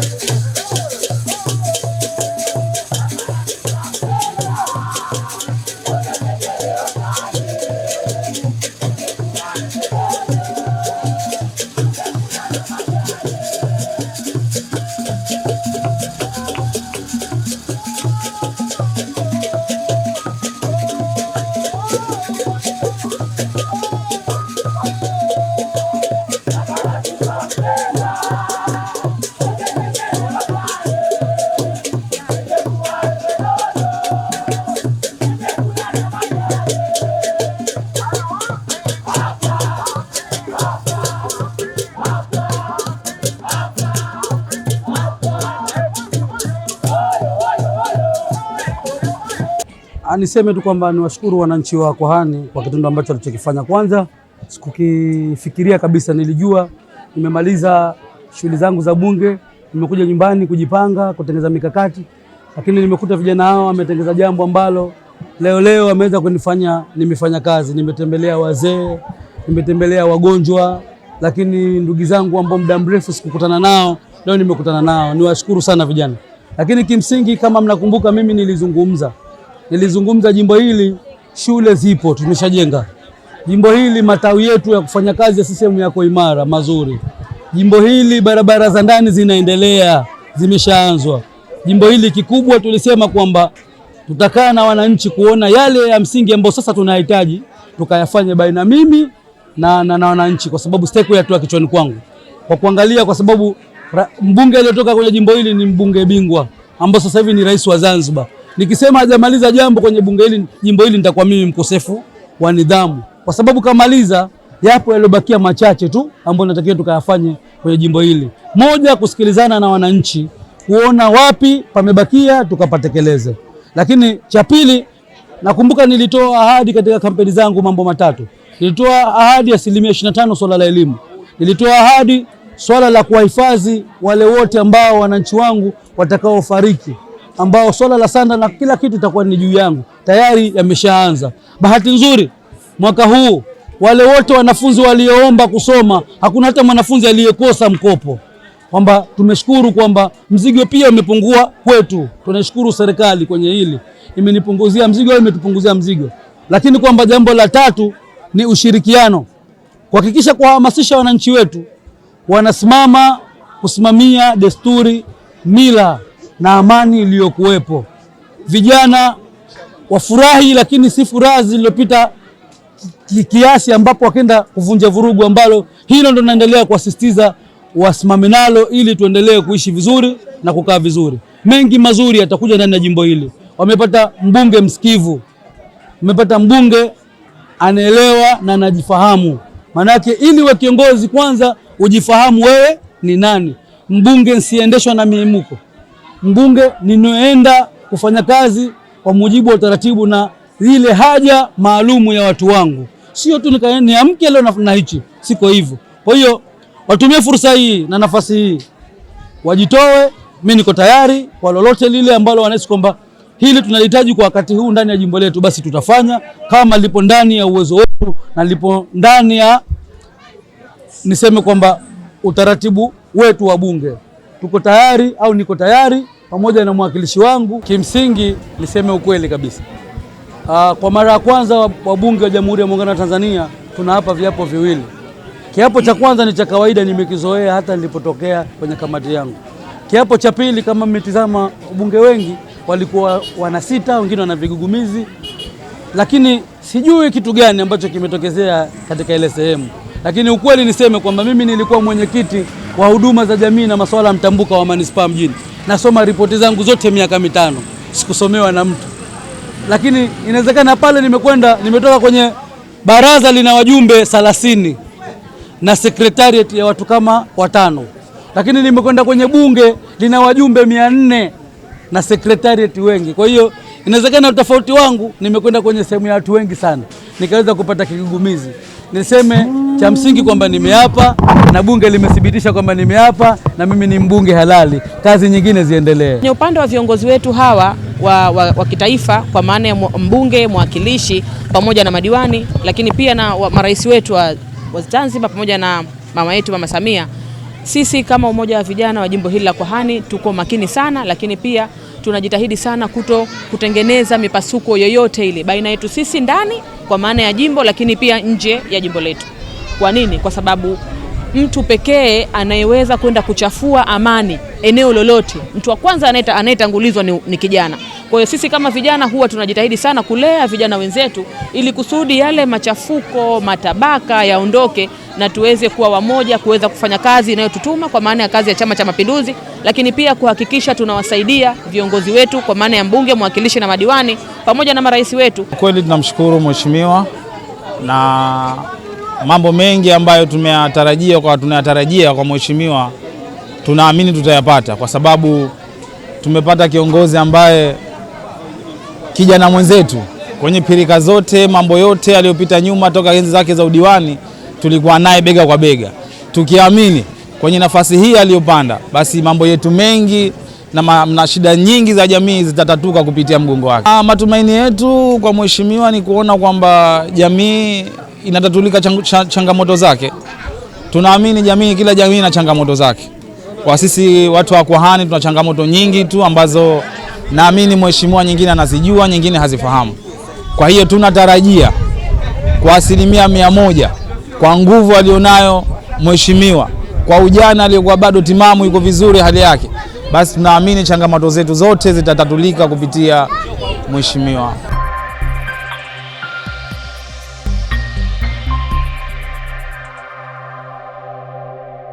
Thank you. Ah, niseme tu kwamba niwashukuru wananchi wa Kwahani kwa kitendo ambacho walichokifanya. Kwanza sikukifikiria kabisa, nilijua nimemaliza shughuli zangu za bunge, nimekuja nyumbani kujipanga, kutengeneza mikakati, lakini nimekuta vijana hao wametengeneza jambo ambalo leo leo wameweza kunifanya nimefanya kazi. Nimetembelea wazee, nimetembelea wagonjwa, lakini ndugu zangu ambao muda mrefu sikukutana nao leo nimekutana nao. Niwashukuru sana vijana, lakini kimsingi, kama mnakumbuka, mimi nilizungumza Nilizungumza jimbo hili, shule zipo tumeshajenga. Jimbo hili matawi yetu ya kufanya kazi ya CCM yako imara mazuri. Jimbo hili barabara za ndani zinaendelea, zimeshaanzwa. Jimbo hili kikubwa, tulisema kwamba tutakaa na wananchi kuona yale ya msingi ambayo sasa tunahitaji tukayafanye baina mimi na, na, na wananchi, kwa sababu sitaki kuyatoa kichwani kwangu kwa kuangalia, kwa sababu mbunge aliyotoka kwenye jimbo hili ni mbunge bingwa ambaye sasa hivi ni rais wa Zanzibar nikisema hajamaliza jambo kwenye bunge hili, jimbo hili, nitakuwa mimi mkosefu wa nidhamu, kwa sababu kamaliza. Yapo yaliyobakia machache tu ambayo natakiwa tukayafanye kwenye jimbo hili. Moja, kusikilizana na wananchi, kuona wapi pamebakia tukapatekeleze. Lakini cha pili, nakumbuka nilitoa ahadi katika kampeni zangu, mambo matatu nilitoa ahadi ya asilimia ishirini na tano swala la elimu, nilitoa ahadi swala la kuwahifadhi wale wote ambao wananchi wangu watakaofariki ambao swala la sanda na kila kitu itakuwa ni juu yangu tayari yameshaanza. Bahati nzuri mwaka huu wale wote wanafunzi walioomba kusoma hakuna hata mwanafunzi aliyekosa mkopo, kwamba tumeshukuru kwamba mzigo pia umepungua kwetu. Tunashukuru serikali kwenye hili, imenipunguzia mzigo au imetupunguzia mzigo. Lakini kwamba jambo la tatu ni ushirikiano, kuhakikisha kuwahamasisha wananchi wetu wanasimama kusimamia desturi, mila na amani iliyokuwepo. Vijana wafurahi, lakini si furaha zilizopita kiasi ambapo wakenda kuvunja vurugu, ambalo hilo ndo naendelea kuasisitiza wasimame nalo, ili tuendelee kuishi vizuri na kukaa vizuri. Mengi mazuri yatakuja ndani ya jimbo hili. Wamepata mbunge msikivu, wamepata mbunge anaelewa na anajifahamu. Maanake ili we kiongozi, kwanza ujifahamu wewe ni nani. Mbunge nsiendeshwa na miimuko mbunge ninaenda kufanya kazi kwa mujibu wa utaratibu na ile haja maalumu ya watu wangu, sio tu niamke leo na hichi, siko hivyo. Kwa hiyo watumie fursa hii na nafasi hii, wajitoe. Mimi niko tayari kwa lolote lile ambalo wanahisi kwamba hili tunalihitaji kwa wakati huu ndani ya jimbo letu, basi tutafanya kama lipo ndani ya uwezo wetu na lipo ndani ya niseme kwamba utaratibu wetu wa bunge tuko tayari au niko tayari pamoja na mwakilishi wangu. Kimsingi niseme ukweli kabisa, aa, ah, kwa mara ya kwanza wabunge wa Jamhuri ya Muungano wa Tanzania tuna hapa viapo viwili. Kiapo cha kwanza ni cha kawaida, nimekizoea hata nilipotokea kwenye kamati yangu. Kiapo cha pili, kama mmetizama, wabunge wengi walikuwa wana sita, wengine wana vigugumizi, lakini sijui kitu gani ambacho kimetokezea katika ile sehemu. Lakini ukweli niseme kwamba mimi nilikuwa mwenyekiti wa huduma za jamii na masuala ya mtambuka wa manispaa mjini. Nasoma ripoti zangu zote miaka mitano, sikusomewa na mtu, lakini inawezekana pale nimekwenda, nimetoka kwenye baraza lina wajumbe 30 na secretariat ya watu kama watano, lakini nimekwenda kwenye bunge lina wajumbe mia na secretariat wengi. Kwa hiyo inawezekana utofauti wangu, nimekwenda kwenye sehemu ya watu wengi sana nikaweza kupata kigugumizi. Niseme cha msingi kwamba nimeapa na bunge limethibitisha kwamba nimeapa na mimi ni mbunge halali, kazi nyingine ziendelee. Kwenye upande wa viongozi wetu hawa wa, wa, wa kitaifa kwa maana ya mbunge, mwakilishi pamoja na madiwani, lakini pia na marais wetu wa, wa Zanzibar pamoja na mama yetu Mama Samia, sisi kama umoja wa vijana wa jimbo hili la Kwahani tuko makini sana, lakini pia tunajitahidi sana kuto kutengeneza mipasuko yoyote ile baina yetu sisi ndani kwa maana ya jimbo, lakini pia nje ya jimbo letu. Kwa nini? Kwa sababu mtu pekee anayeweza kwenda kuchafua amani eneo lolote, mtu wa kwanza anayetangulizwa ni, ni kijana. Kwa hiyo sisi kama vijana huwa tunajitahidi sana kulea vijana wenzetu ili kusudi yale machafuko, matabaka yaondoke na tuweze kuwa wamoja kuweza kufanya kazi inayotutuma kwa maana ya kazi ya Chama cha Mapinduzi, lakini pia kuhakikisha tunawasaidia viongozi wetu kwa maana ya mbunge, mwakilishi na madiwani pamoja na marais wetu. Kweli tunamshukuru mheshimiwa na mambo mengi ambayo tumeyatarajia kwa tunayatarajia kwa mheshimiwa tunaamini tutayapata, kwa sababu tumepata kiongozi ambaye kijana mwenzetu kwenye pirika zote, mambo yote aliyopita nyuma toka enzi zake za udiwani, tulikuwa naye bega kwa bega, tukiamini kwenye nafasi hii aliyopanda, basi mambo yetu mengi na, ma, na shida nyingi za jamii zitatatuka kupitia mgongo wake. Ah, matumaini yetu kwa mheshimiwa ni kuona kwamba jamii inatatulika chang, chang, changamoto zake. Tunaamini jamii, kila jamii ina changamoto zake. Kwa sisi watu wa Kwahani tuna changamoto nyingi tu ambazo naamini mheshimiwa nyingine anazijua, nyingine hazifahamu. Kwa hiyo tunatarajia kwa asilimia mia moja kwa nguvu alionayo mheshimiwa, kwa ujana aliyokuwa bado timamu, yuko vizuri hali yake, basi tunaamini changamoto zetu zote zitatatulika kupitia mheshimiwa.